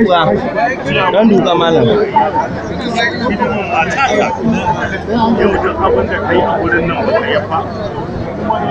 duka don duka malam yau duk abin da ka yi a wurin nan ba ka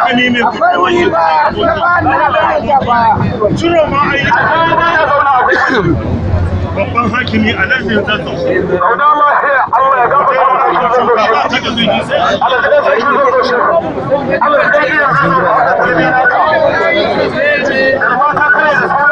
hakimi mai kuɗi wani ciro ma a yi babban hakimi a Allah ya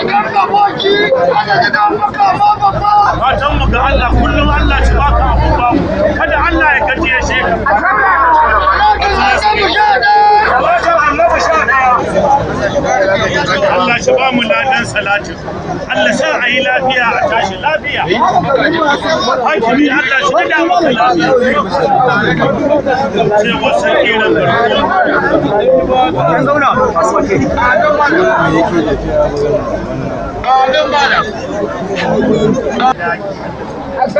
Idan aboki ana da damuka ba babba. Fatan mu ga Allah kullum Allah shi baka abu ba. Kada Allah ya gajiye shi. Salatin annabi sha ɗaya. Salatin annabi sha ɗaya. Allah shi ba mu ladan salatin Allah sa a yi lafiya a tashi lafiya hakimi Allah shi da maka lafiya sai wasu kiran garkuwa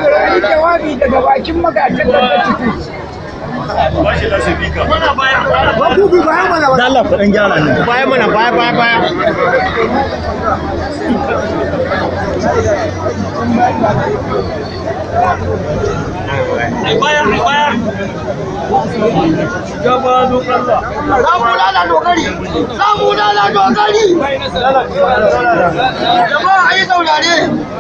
a daga bakin magajin da ba ku bi gyara ne mana baya baya baya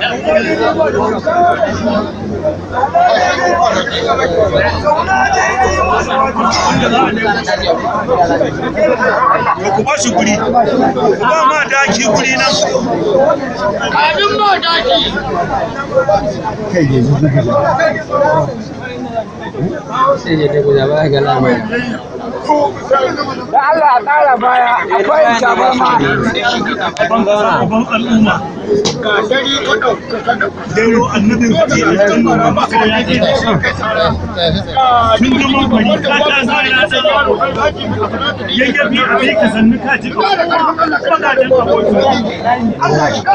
ku ba shi guri ma daki guri nan sai ya dago da baya ga lamarin da Allah a ƙara baya akwai tabarma babban al'umma ga dari ka da kan nuna ba ka da shi tun da man bari ka ta zai na zai yayyafi a bai ka sannu ka ji ba ga dan abokin Allah shi ka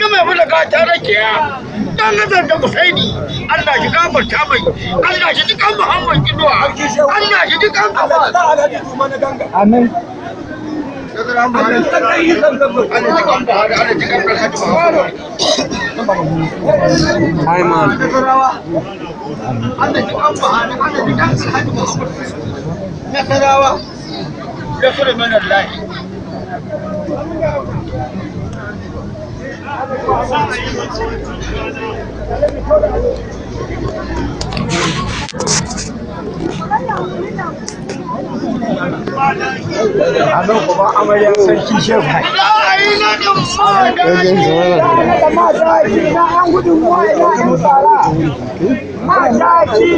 na mai mulaka ta rakiya dan nazar da Husaini Allah shi gafarta mai Allah shi dukan Muhammad Kinuwa Allah shi dukan Muhammad Amin Hi, man. Nasarawa. Nasarawa. 嗯好的好的 a nan kuma amarya sarki shehu mataki na an gudun wani tsara, mataki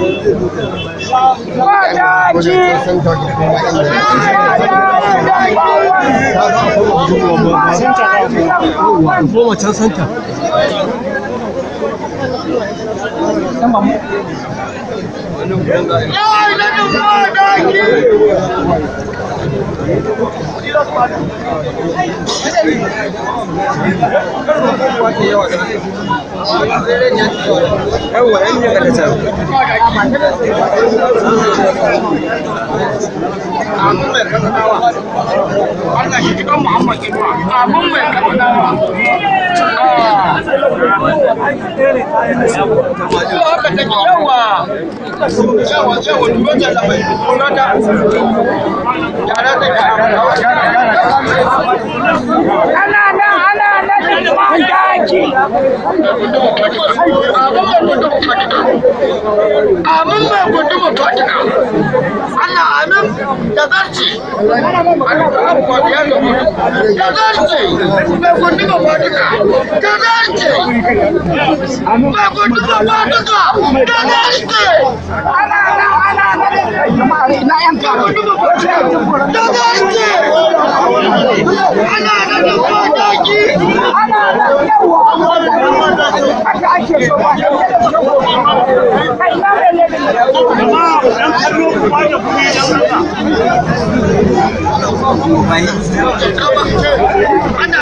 mataki Goma can santa. Não, não, não, não, não, yawwa da shi da Ana, ana, amin mai Allah amin da da mai da mai da ana ana ana da Ana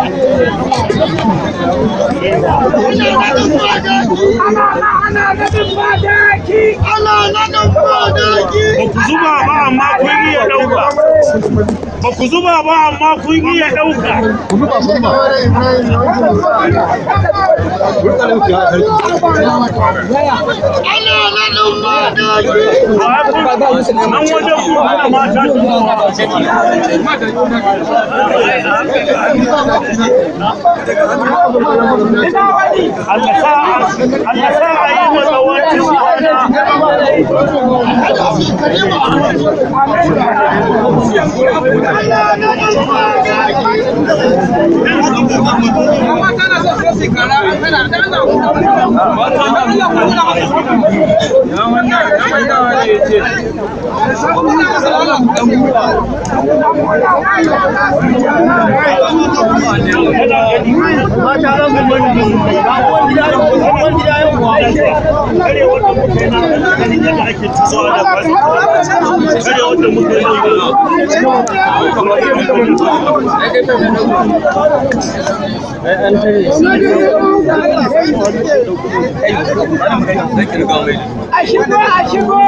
Ana gadin Ana gadin Ba ku zuba ba amma kun iya ɗauka. Ba ku zuba ba amma kun iya ɗauka. Allah sa Allah sa ayi matsawacin kwana. Ai, shigo a shigo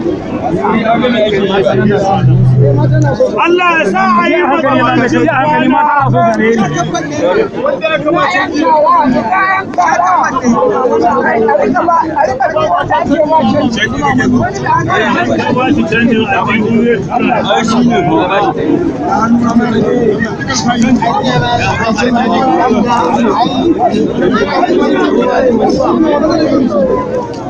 Allah Allah ya sa a yi haka wanda shi a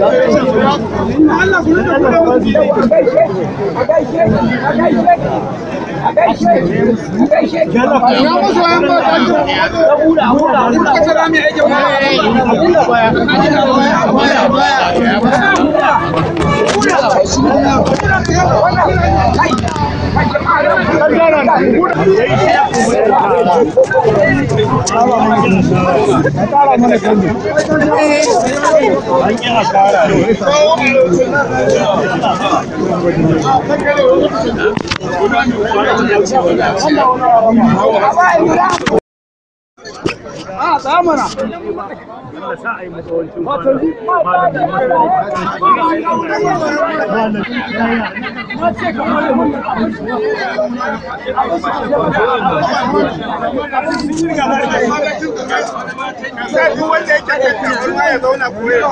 An yi asara Thank you. a tsaya mana sai duk wanda yake da tabarma ya zauna koyewa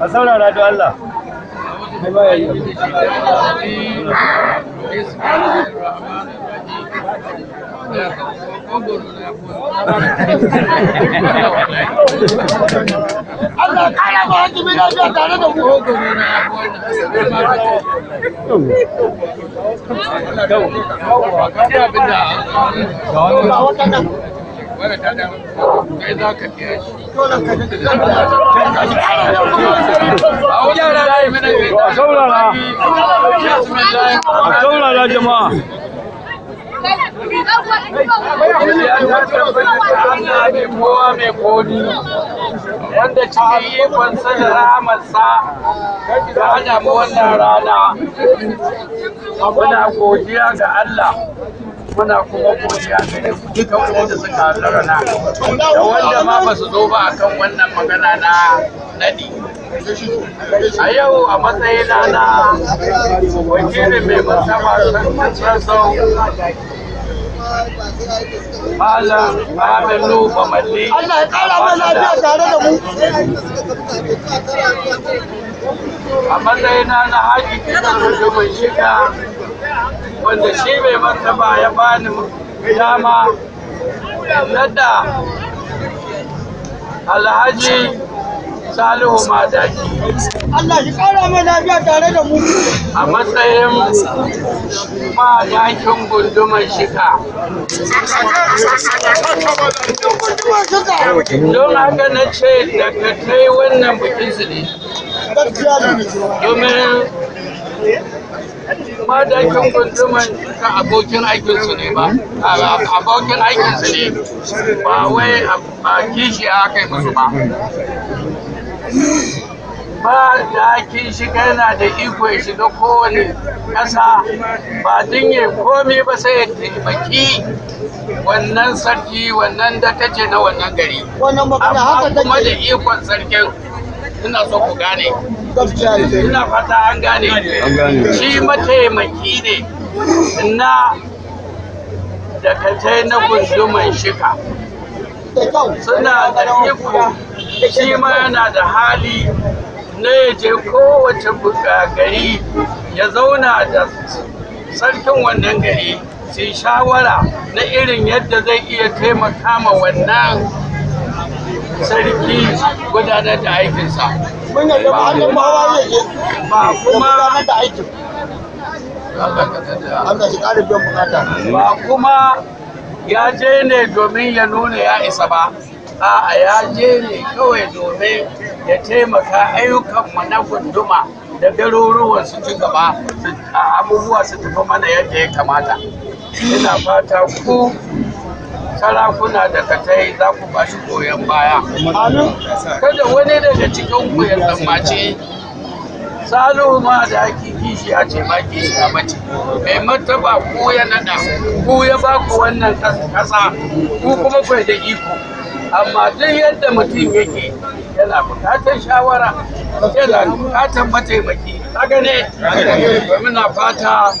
a saurara don Allah Allah kara ma hanki bi lafiya tare da mu. Yau. Yau. Yau. Yau. Yau. Yau. mara ta da kai a mai kodi wanda cikin ikonsa da ramarsa ta hada mu wannan rana mana godiya ga Allah muna kuma godiya gare ku duka wanda suka halarana da wanda ma ba su zo ba akan wannan magana na nadi a yau a matsayina na wakilin mai musamman sassau Malam Aminu Bamalli. Allah ya kara mai lafiya tare da mu. a matsayina na hakiki na mai shiga wanda shi mai martaba ya bani dama na alhaji Salihu Madaki. Allah shi mai lafiya tare da mu. A matsayin madakin gundumar shika. Don haka na ce ka kai wannan bikin su ne. Domin madakin gundumar shika abokin ne ba. Abokin aikinsu ne ba wai a kishi a kai musu ba. ba dakin shiga yana da iko ya shiga kowane ƙasa ba din ya komi ba sai ya taimaki wannan sarki wannan da ta na wannan gari amma kuma da ikon sarkin ina so ku gane ina fata an gane shi mataimaki ne na da na gunduman shika suna da iko shi ma yana da hali na ya je kowace gari ya zauna da sarkin wannan gari sai shawara na irin yadda zai iya taimaka ma wannan sarki gudanar da aikinsa ba kuma ba kuma ya je ne domin ya nuna ya isa ba a'a ya je ne kawai domin ya taimaka mu na gunduma da garuruwan su ci gaba abubuwa su tafi mana yadda ya kamata ina fata ku sarakuna da katai za ku ba shi goyon baya kada wani daga cikin ku ya tsammaci Salo ma da ake kishi a ce ba kishi a mace mai martaba ko ya nada ko ya ba ku wannan kasa ko kuma kwai da iko amma duk yadda mutum yake yana bukatar shawara yana bukatar mataimaki haka ne muna fata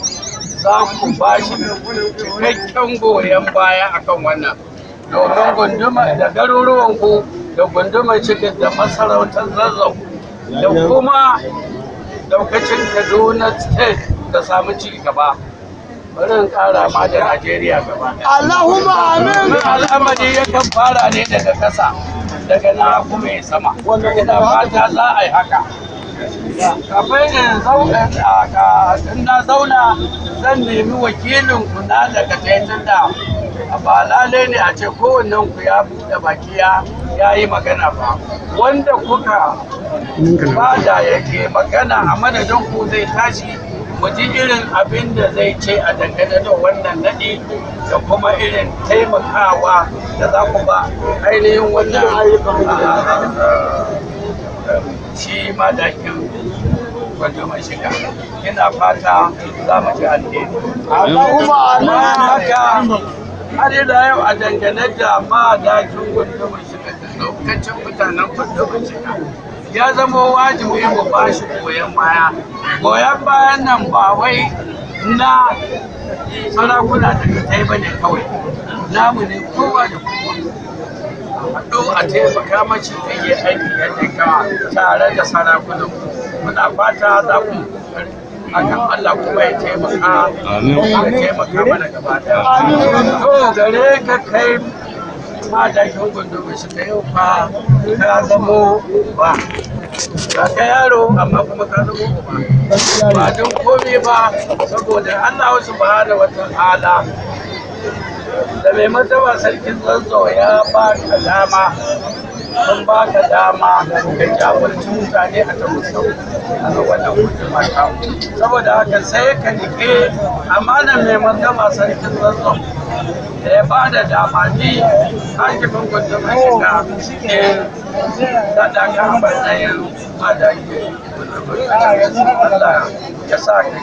za ku ba shi cikakken goyon baya akan wannan domin gunduma da ku da gunduma cikin da masarautar zazzau da kuma daukacin kaduna state da samu ci gaba barin kara ma da Najeriya gaba. Allahumma amin. Al'amari ya kan fara ne daga ƙasa daga na kuma ya sama. Ina fata za a yi haka. Kafin in zauna na zauna zan nemi wakilin ku na daga taitin da ba lalai ne a ce kowannen ku ya buɗe baki ya yi magana ba wanda kuka ba da yake magana a madadin ku zai tashi mu ji irin abin da zai ce a dangane da wannan naɗi da kuma irin taimakawa da za ku ba ainihin wannan eh, shi madakin wajen mai shiga ina fata za mu ji alheri Allahumma amin haka har da yau a dangane da dakin wajen mai shiga da lokacin mutanen wajen mai shiga ya zama wajibi mu ba shi goyon baya goyon bayan nan ba wai na sarakuna da katai ba ne kawai namu ne kowa da kowa haɗu a taimaka mace ta yi aiki yadda tare da sarakunan muna fata za ku Allah kuma ya taimaka A taimaka mana gaba ɗaya to gare ka kai matakin gundumi shi ta yau fa ka zamo ba ka ka yaro amma kuma ka zamo ba ba don komai ba saboda Allah da wata ala da mai mataba sarkin zanzo ya ba ka dama sun ba ka dama ka jabarci mutane a ta musamman a wannan hukuma ta saboda haka sai ka nike amanan mai martaba sarkin zazzau. da ya ba da dama ni hakimin gudunmashi da daga matsayin A da Allah ya sa ka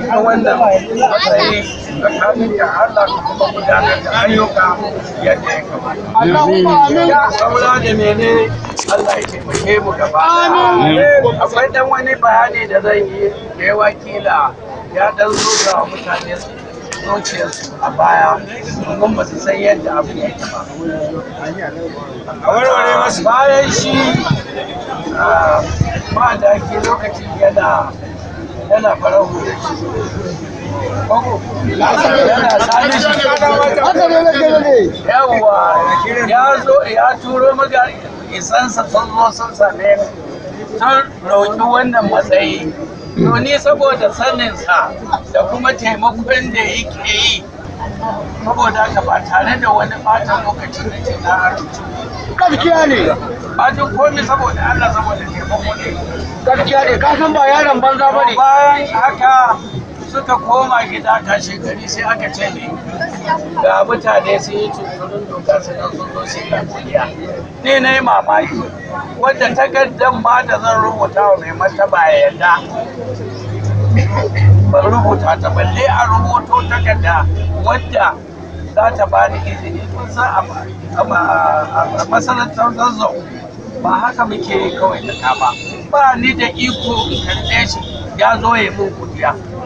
ke wannan matsayi tsakanin da Allah ka kuma gudanar da ayyuka yadda ya kamata. Ya saura da mene Allah ya taimake mu gaba. Akwai dan wani bayani da zan yi da ya wakila ya dan zo ga mutane su su a baya domin ba su san yadda abin yake ba bayan shi ba da ake lokacin yana yana farar hudu yawwa ya zo ya turo maga isansa sun zo sun same ni sun roƙi wannan matsayi to ni saboda saninsa da kuma taimakon da yake yi saboda haka ba tare da wani fatan lokaci na za na arziki gaskiya ne fatan komi saboda Allah saboda taimako ne gaskiya ne ka san ba yaron banza bane bayan haka suka koma gida kashe gari sai aka ce ne ga mutane sun yi tuntunin doka su nan sun zo shi na kuliya ne na yi mamaki wadda takardar ma da zan rubuta wa mai martaba ya yarda ban rubuta ta balle a rubuto takarda wadda za ta ba ni izini tun za a masarautar zazzau ba haka muke kawai ta kama ba ni da iko karɓe ya zo ya yi mun kudiya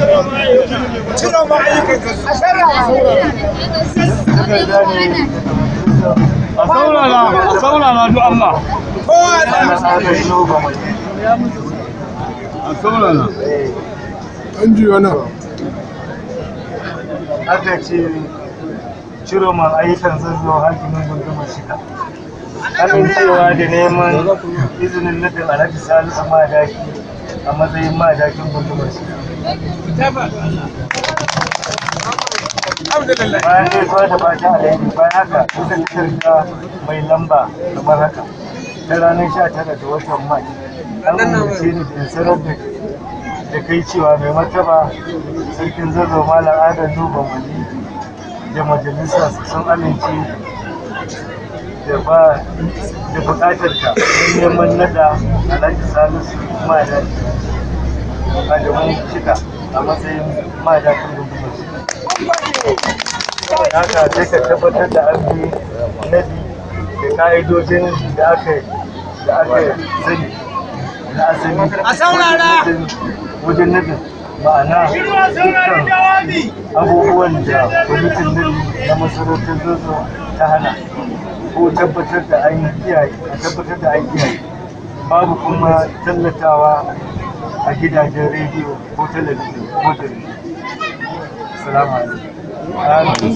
ciro ma ayyukan a duk Allah a an ji aka ce ciro ma hakimin gundumar shiga amincewa da neman izinin nufin alhaji salisu madaki a matsayin madakin gundumar shiga bayan gaisuwa da fata alheri bayan haka suka jirga mai lamba kamar haka ta ranar sha tara da watan mai an umarce ni da sanar da da kai cewa mai martaba sarkin zazzau malam adam nuban wani da majalisa sun amince da ba da bukatar ka neman nada alhaji salisu madani malaman cika a matsayin ma'aikatan rundunar saboda haka sai ka tabbatar da an bi nabi da ka'idojin da aka da aka sani da asali a saurara wajen nabin ma'ana dukkan abubuwan da kwamitin nabi na masarautar zozo ta hana ko tabbatar da an kiyaye a tabbatar da an babu kuma tallatawa a gidajen rediyo ko talabijin ko talabijin. Salamu alaikum.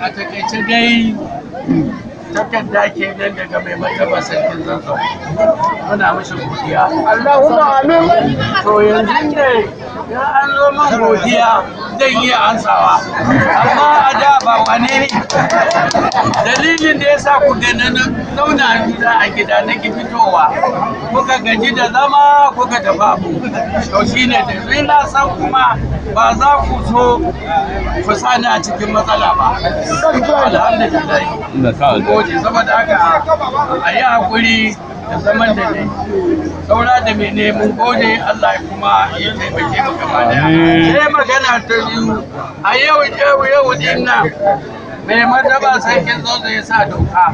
A takaice dai takarda ke nan daga mai martaba sarkin zanzan muna mashi godiya. Allahumma amin. To yanzu ne ya an zo man godiya zan yi ansawa amma a da ba kwane ne dalilin da ya sa ku ga na zauna a gida a gida nake fitowa kuka gaji da zama kuka tafi abu to ne da na san kuma ba za ku so ku sani a cikin matsala ba alhamdulillah gode saboda haka a yi hakuri da zaman da ne saura da mai ne mun gode Allah ya kuma ya taimake mu gaba daya sai magana ta biyu a yau yau yau din nan mai madaba sarkin zo ya sa doka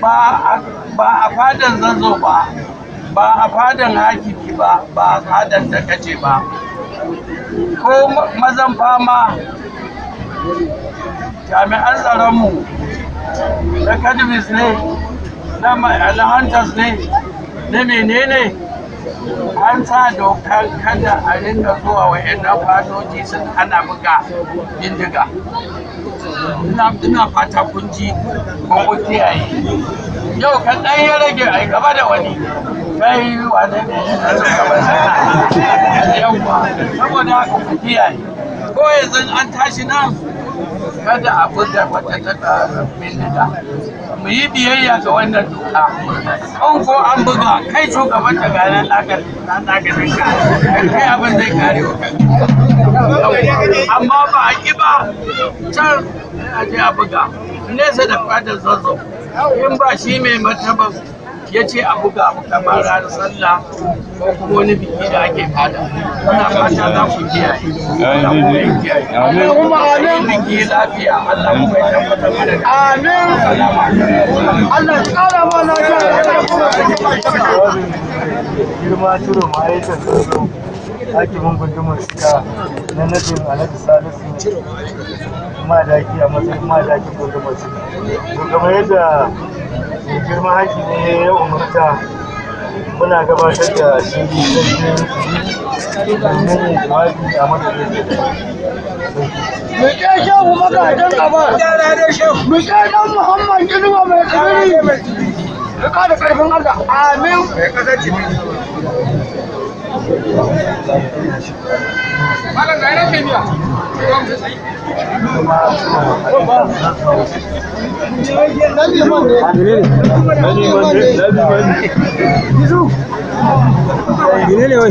ba a fadan zanzo ba ba a fadan hakiki ba ba a fadan da kace ba ko mazan fama jami'an tsaronmu da kadibis ne na alhantas ne na menene an sa dokar kada a rinka zuwa wa yan fatoji sun ana buga bindiga ina fata kun ji ko ku kiyaye yau kan ɗan ya rage a gaba da wani kai wane ne gaba yawa saboda haka ku kiyaye ko yanzu an tashi nan kada a buga wata ta bindiga mu yi biyayya ga wannan doka an ko an buga kai shugaban ta gana na ganin kai abin zai kare wa amma ba a ƙi ba can a je a buga nesa da fadar zazzau in ba shi mai martaba Yace ce a buga abu kamar ranar sallah ko kuma wani biki da ake fada muna fata za ku kiyaye amin kuma amin biki lafiya Allah kuma ya tabbata mana amin Allah ya kara ma lafiya girma turo ma ya tantance hakimin gundumar suka na nadin alhaji salisu madaki a matsayin madaki ko da mace to kamar yadda girma haki ne ya umarta muna gabatar da shiri domin yin jawabi a madadin Muke shehu magajin Abbas, muke dan Muhammad mai tsibiri, ka da Allah, amin. Gine ne wai.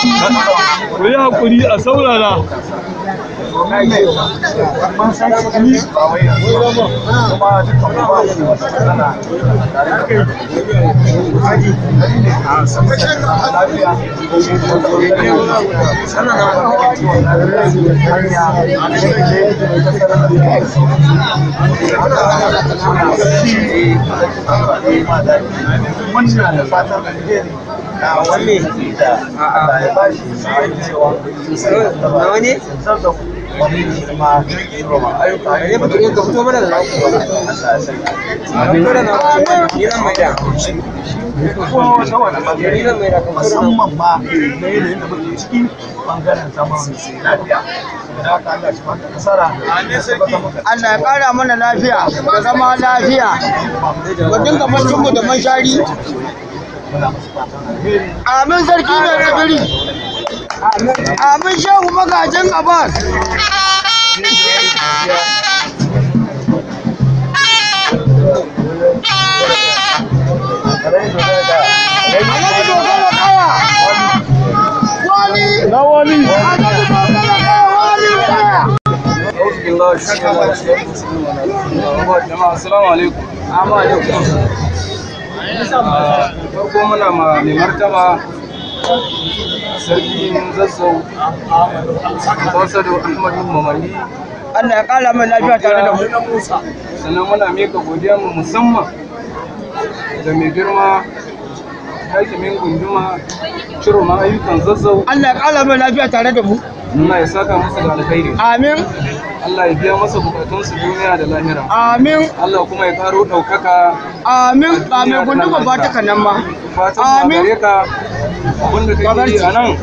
ku yi haƙuri a saurara wannan fatan alheri a wanne eh, eh, mana da musamman ma na yanayin da muke bangaren zaman lafiya Allah ya kara mana lafiya da zama lafiya. dinga da manshari muna musu fatan amin sarki mai nagari amin shehu magajin abbas Assalamu alaikum. alaikum. farko muna ma mai martaba sarkin zazzau kwansado ahmadu mamani Allah ya kala mai lafiya tare da mu sannan muna mika godiya mu musamman da mai girma min gunduma ciroma ayyukan zazzau Allah ya kala mai lafiya tare da mu Allah ya saka masa da alkhairi amin Allah ya biya masa bukatunsu duniya da lahira amin Allah kuma ya karo daukaka amin amin gunduma ba ta kanan ma amin abinda kake yi a nan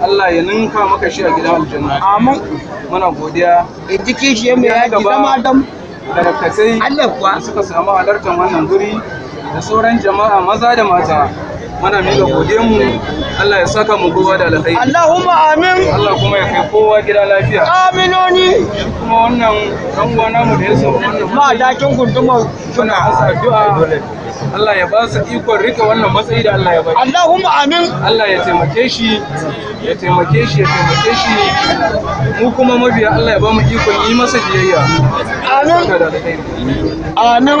Allah ya ninka maka shi a gidan aljanna amin muna godiya in ji kishi mai yaji zama dam Allah kuwa suka samu halartar wannan guri da sauran jama'a maza da mata mana miƙa gode mu Allah ya saka mu kowa da alkhairi Allahumma amin Allah kuma ya kai kowa gida lafiya aminoni kuma wannan dan uwa namu da ya samu wannan ma dakin gunduma suna asa addu'a Allah ya ba su ikon rika wannan matsayi da Allah ya ba Allahumma amin Allah ya taimake shi ya taimake shi ya taimake shi mu kuma mabiya Allah ya ba mu ikon yi masa biyayya amin amin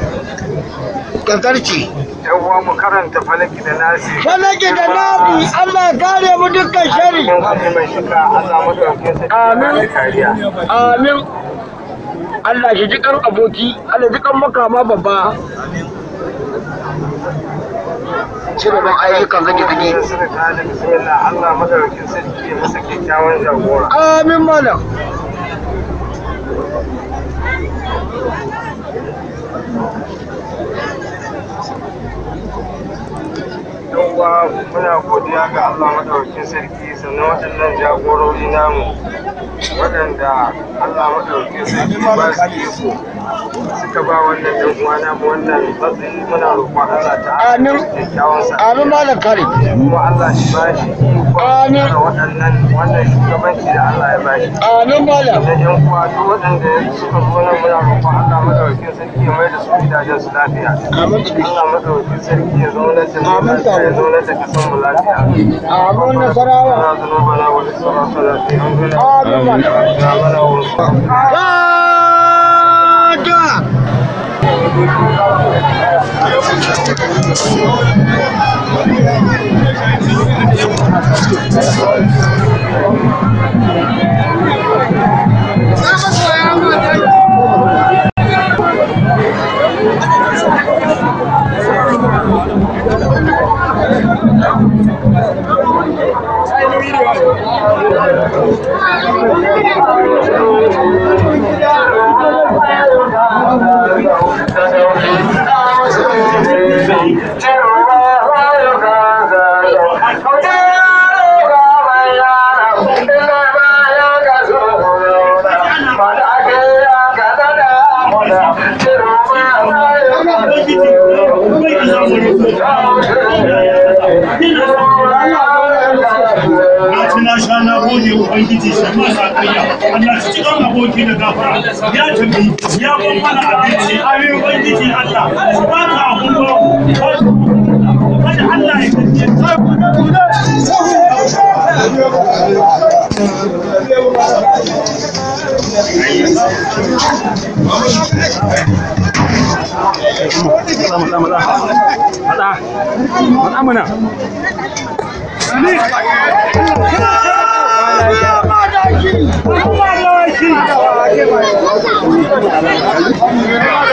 kankarci yawwa mu karanta falaki da nasi falaki da nasi Allah kare mu dukkan shari amin amin Allah shi jikan aboki Allah jikan makama babba cigaban ayyukan gani-gani. Allah madaukin sarki masa kyakkyawan jagora. Amin malam. Thank you. yan muna godiya ga Allah madaukakin sarki sannan waɗannan jagorori namu waɗanda Allah madaukakin sarki ba su ko suka ba wannan dan uwa mu wannan matsayi muna roƙon Allah ta amin amin malam kare kuma Allah shi ba shi amin waɗannan wannan shugabanci da Allah ya ba shi amin malam da yan uwa duk waɗanda suka zo nan muna roƙon Allah madaukakin sarki ya mai da su gidajen su lafiya amin Allah madaukakin sarki ya nan da mu ولا تكسر ولا آمين سراوة ذنوبنا ولسنا صلاة آمين آمين Thank you. you. ubangiji shi ma sa Allah cikin aboki da gafara ya tafi ya ban mana abinci ayoyin ubangiji Allah su ba ka abun ba kada Allah ya kace Mata, mata, mata, Thank you.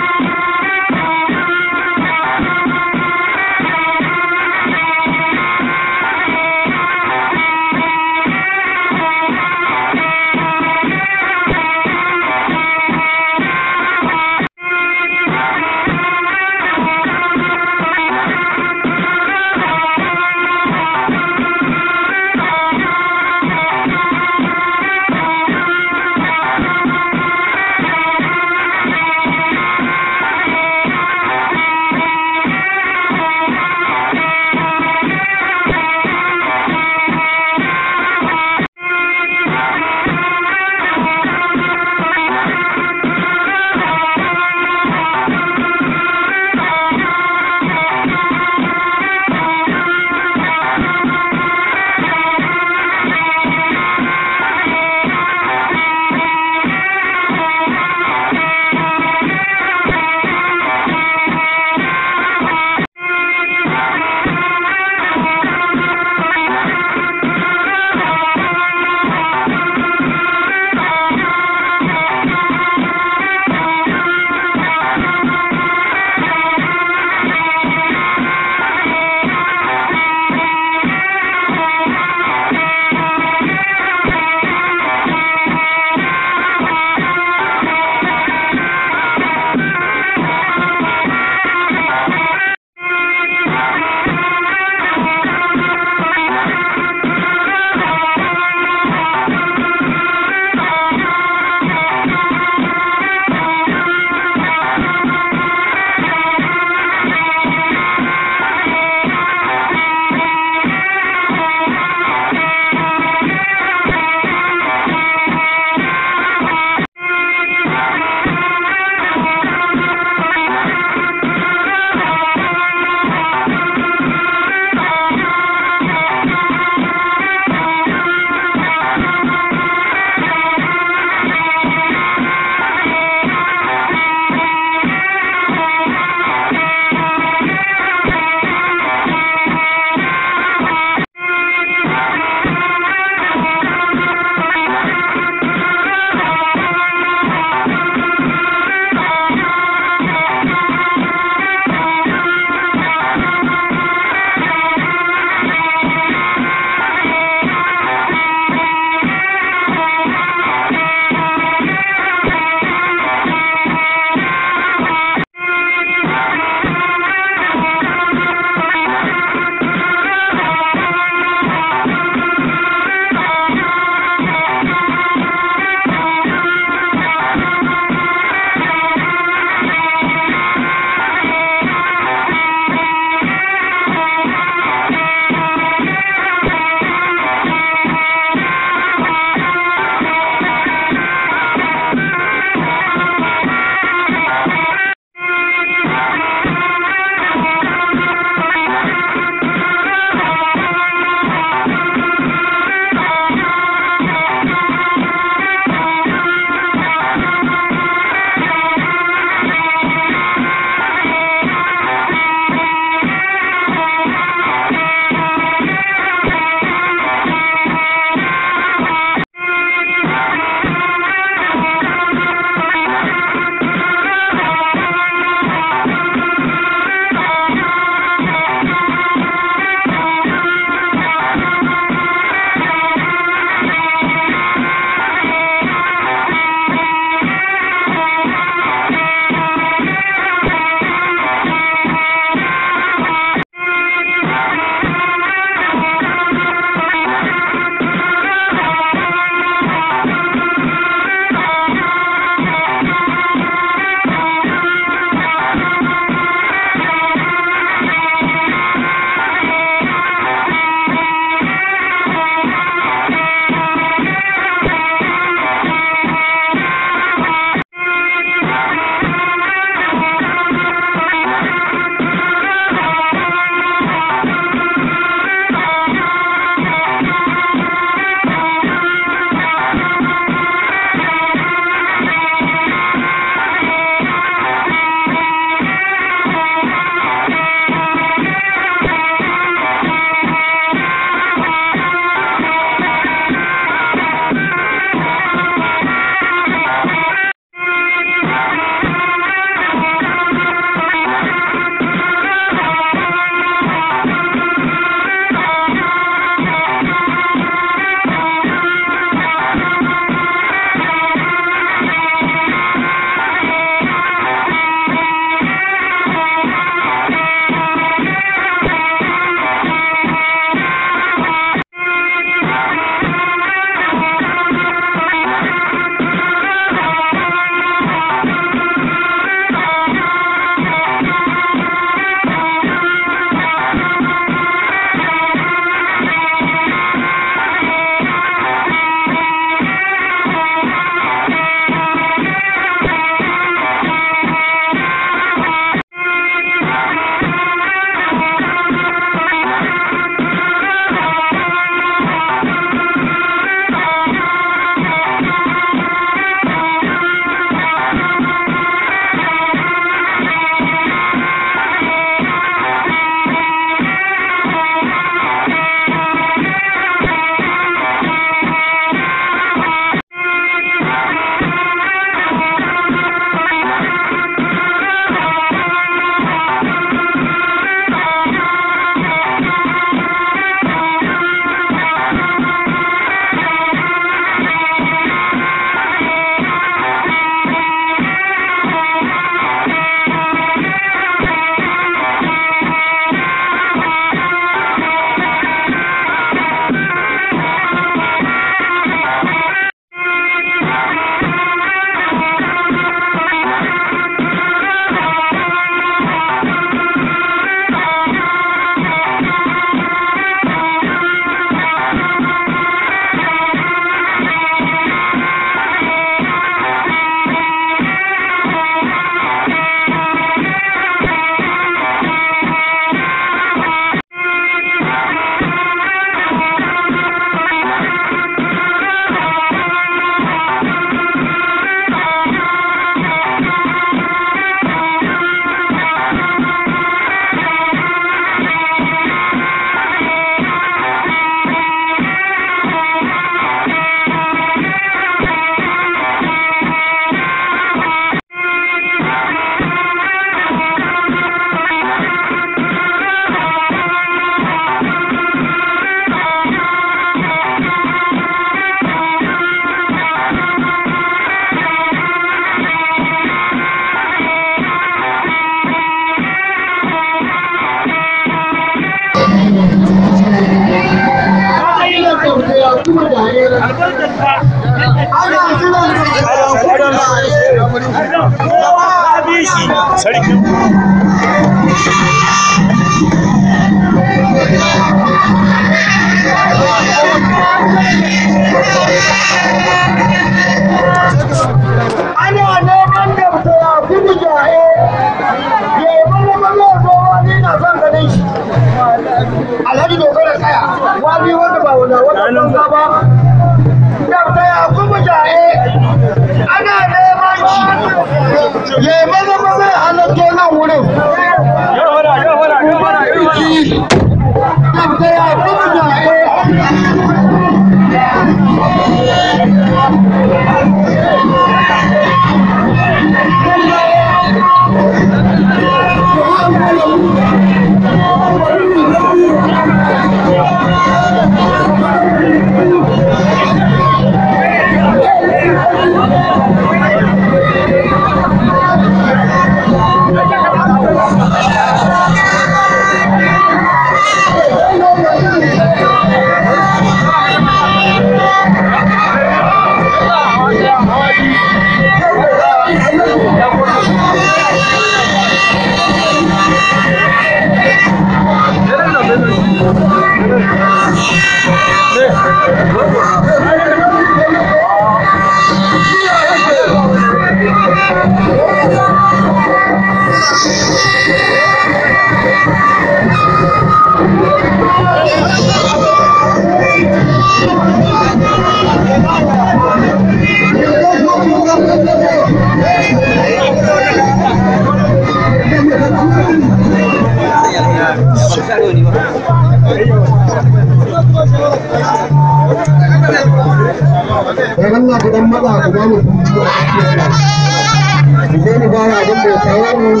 dan maza ku ba mu kuma a cikin ku zo mu fara abin da ya mu muna mu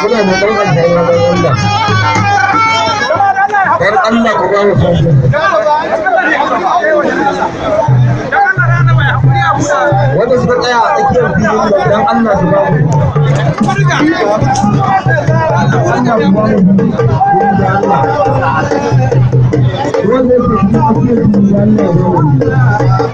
dan aljanna da wanda dan Allah ku ba mu hutu wanda suka tsaya a tsakiyar filin da dan Allah su ba mu Allah ku cikin ya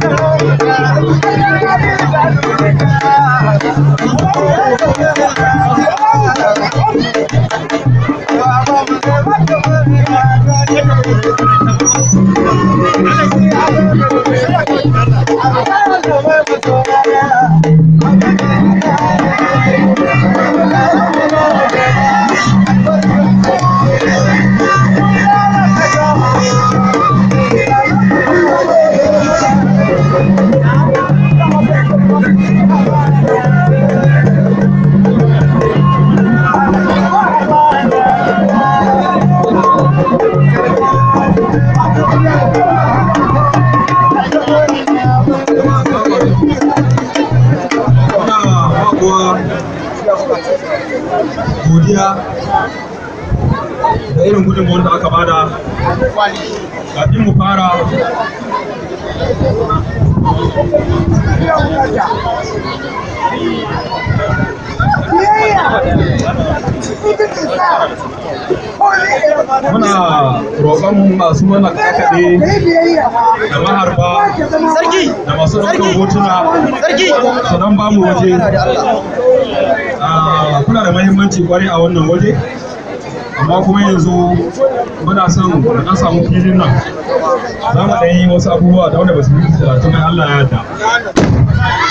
kafin mu fara muna roƙon masu mana kakaɗe da maharba da masu ɗaukar hotuna su don ba mu waje ah, kuna da mahimmanci kwarai a wannan waje amma kuma yanzu muna son na samu filin nan za mu ɗan yi wasu abubuwa da wanda ba su yi talatin mai Allah ya yarda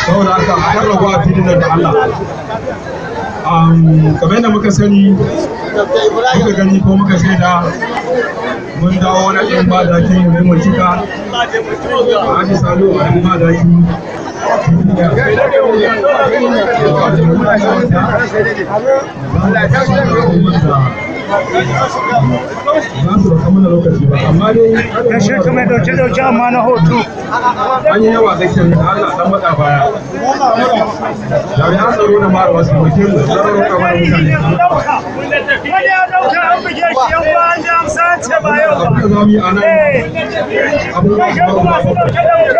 saboda haka kan ragu a filin da Allah kamar yadda muka sani muka gani ko muka shaida mun dawo wani ɗan ba daki mai mai cika a hajji salo a ɗan ba daki Allah ya kashe kamar dauke dauke amma na hoto an yi yawa gaishe da Allah dan matsa baya jami'an tsaro na mara wasu mutum da tsaro kamar mutane wani ya dauka an buge shi yan ba an ji amsa ce ba yau ba abin da eh. su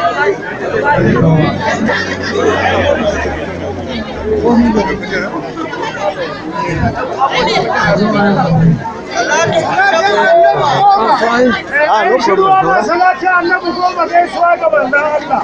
Salati annabi goma gaisuwa ga manzon Allah.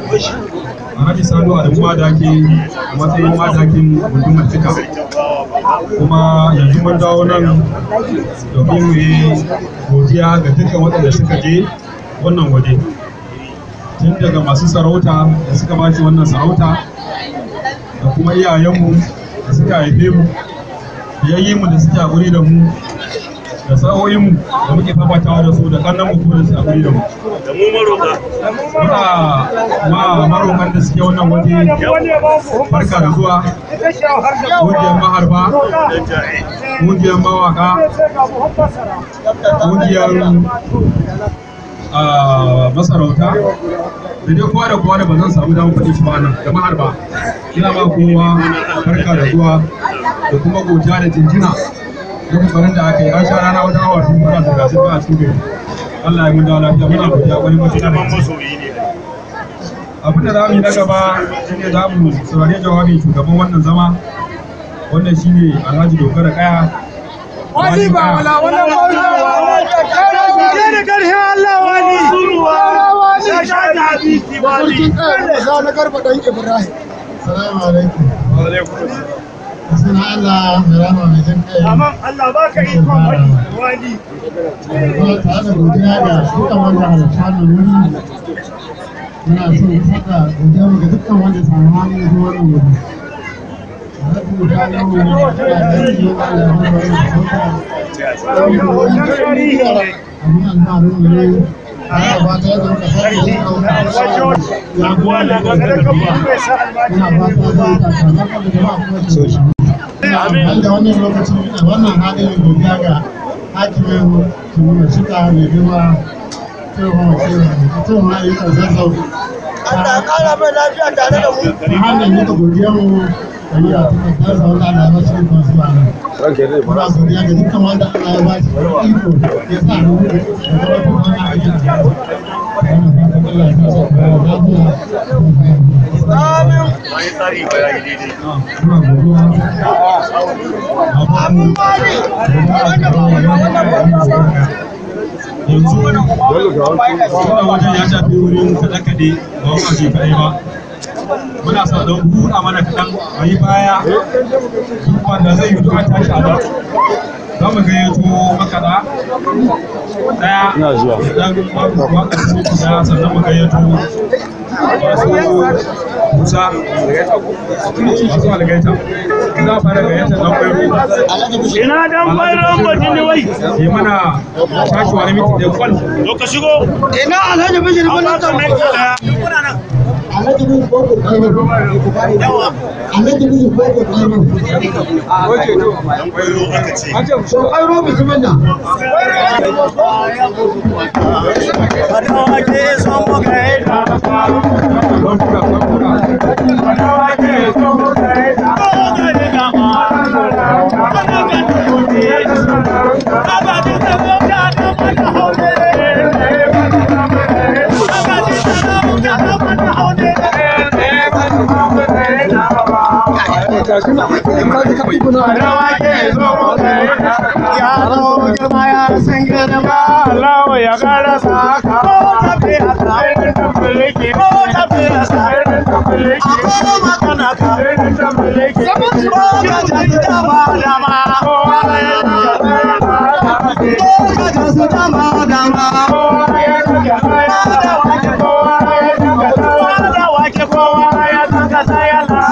Alhaji Salo Adamu Madaki a matsayin madakin gundumar cika Kuma yanzu mun dawo nan domin mu godiya ga dukkan waɗanda suka je wannan waje. Tun daga masu sarauta da suka bace wannan sarauta da kuma iyayenmu da suka haife mu, mu da suke guri da mu da sa'o'inmu da muke fafatawa da su da kannan mu kuma da su abin da mu da mu maroka ma marokan da suke wannan waje barka da zuwa kungiyar maharba kungiyar mawaka kungiyar masarauta da dai kowa da kowa da ba zan samu damar faɗi shi ba nan da maharba ina ba kowa barka da zuwa da kuma goja da jinjina duk kokarin da aka yi an sha rana wata awa sun muna da gasu ba a cikin gari Allah ya mun da lafiya muna godiya kwarai mutum da abin da za mu yi na gaba ne za mu saurari jawabin shugaban wannan zama wannan ne Alhaji Dogara Kaya wani ba wala wala Allah wani da za na karfa ɗan Ibrahim. Salamu alaikum. Wa alaikum. suna Allah mai rama mai jin kai Allah ba ka yi wani wani kuma tare da godiya ga dukkan wanda halatta da wuri muna so mu saka godiya ga dukkan wanda samu hannu da wannan ta Abin alfaharin ne Amin. Da wannan lokacin wannan halin godiya ga hakimin kimiyya shika mai girma tsohon wasu tsohon ayyukan zazzau. Allah ƙara mai lafiya tare da mu. Muhammad muka godiya mu yanzu wani wajen ya shafi wurin kaɗe-kaɗe ba wa ba muna sa don buɗa mana kaɗan mai baya wanda zai yi duka tashi a da za mu ga yato makaɗa ɗaya na zuwa ɗan guda sannan mu ga yato masu musa algaita za gayyata ina ne wai mana tashi wani miti da ina alhaji alhaji mijin ko ko kairo oke to kairo aka shaguna ka fi kuna rawa ke zo ya zo girma ya san girma Allah ya gara sa ka ko tafi a tsarin tambuliki ko tafi a tsarin tambuliki ko magana ka tsarin tambuliki ko ka jaji dama dama ko ya ko ka jaji dama dama ko ya ko ka jaji dama dama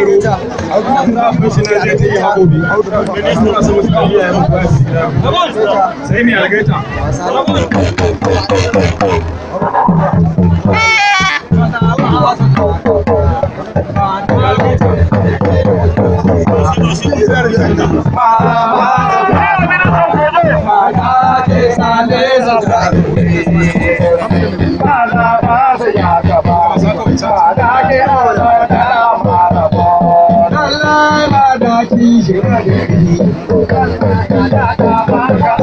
Bayero kwamishina je ta yi haƙobi ministan masu masu kariya ya mutu ba su gida sai mai algaita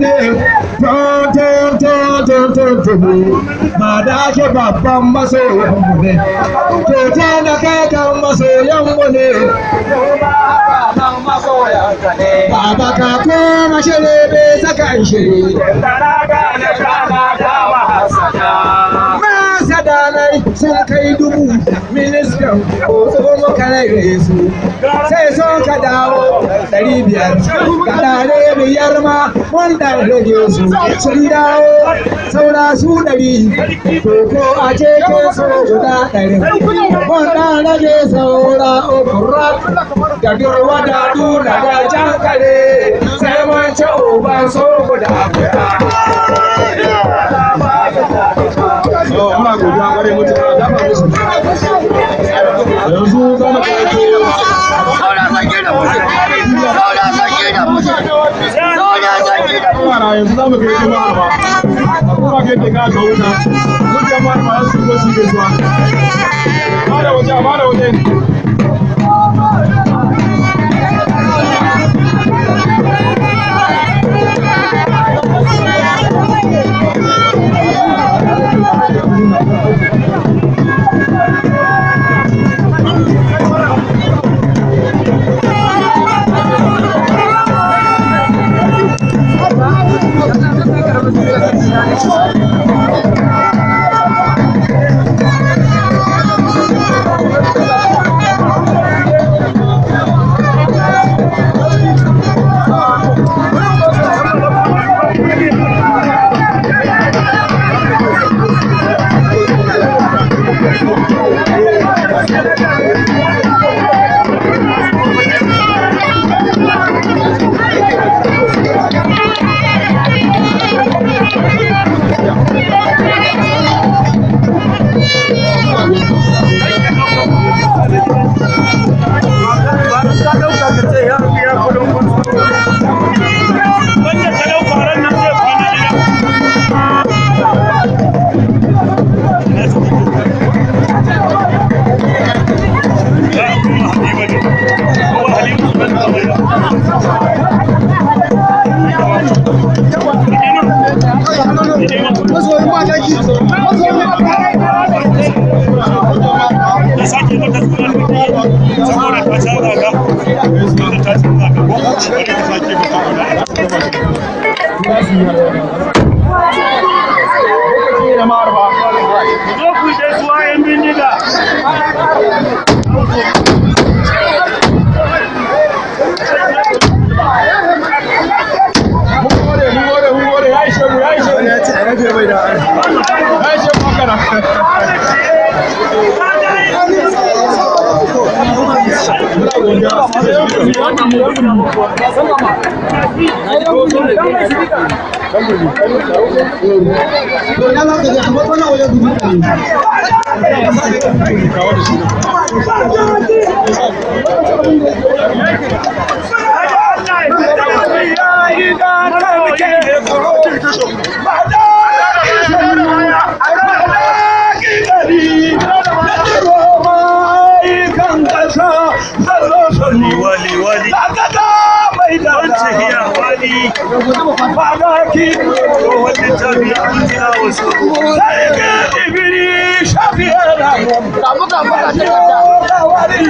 ne tantar tantar ba da ke masoyanmu ne kyauta kai kan masoyanmu ne Baba ka koma shiri bai sakan shiri. Tara gane kana dawa hasada. shadanai sun kai dubu ministan ko tsohon kare su sai sun ka dawo ɗari biyar kaɗare biyar ma wanda rage su sun dawo saura su ɗari to ko a ce ke so guda ɗari wanda rage saura ukurat da durwa da duna da can kare sai wance uban so guda guda za ga gaishe ma ba kuma ga yadda ka kauna mun ba su su ba da waje ba da waje Gracias. Once here, ali fadaki wani jami'in ya wasu sarki ibiri shafi yana kawari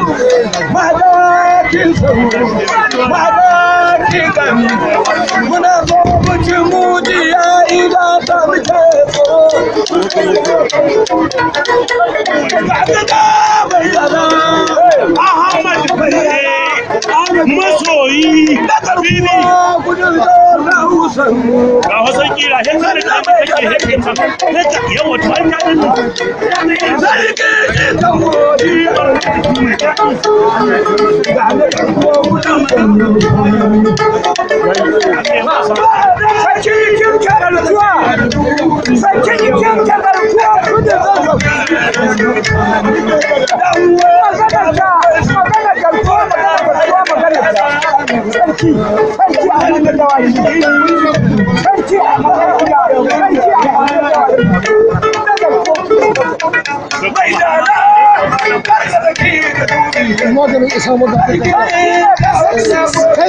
madaki sauru madaki gami muna zo mutum mujiya ina ta muke tsoro ba da bayyana masoyi bibi ga wasan kira he kare da mai kake he kake ta he ka yawa to an yadin sarki ki ta modi ga ne ko kudan sarki kin karatuwa sarki kin karatuwa kudan zan zo dan wa zaka ga zaka ga sarki da kai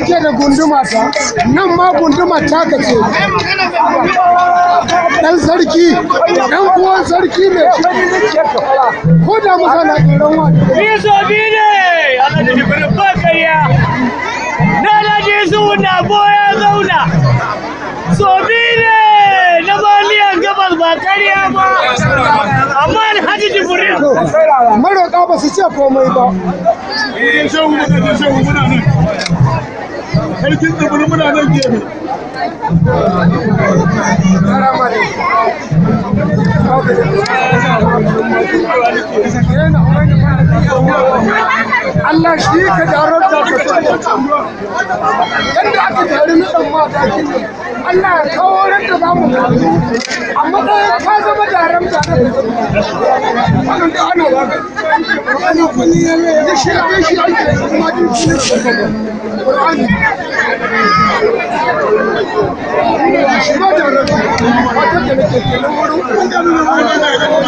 ke da gunduma ta nan ma gunduma ta ka ce dan sarki dan uwan sarki ne ko da mutane ɗan wani biso biyu ne alhaji ba Isu ko ya zauna. Sobi ne na Baliyan Gabas ba kariya ba. Amma Alhaji Jibril. ka ba su ce komai ba. Eh, shehu shehu muna nan. Sarkin muna nan Allah shi ka jarar da ka yadda aka tare na ɗan mata kiwo Allah ya kawo yadda za mu kawo a matsayin ka zama jarar da ka wannan da ana ba wani kuni ya ne ya shi ya shi ya ke kuma jin shi ne da Qur'ani shi ba jarar da ka wata da ke kenan wurin ɓangaren Lafiya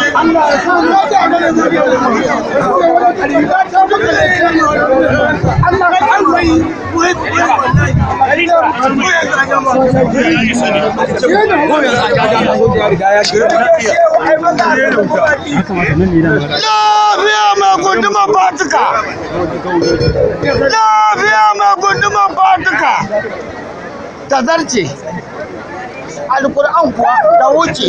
mai gunduma batuka! Lafiya mai gunduma batuka! Ta zarce, alkur'an kuwa da wuce.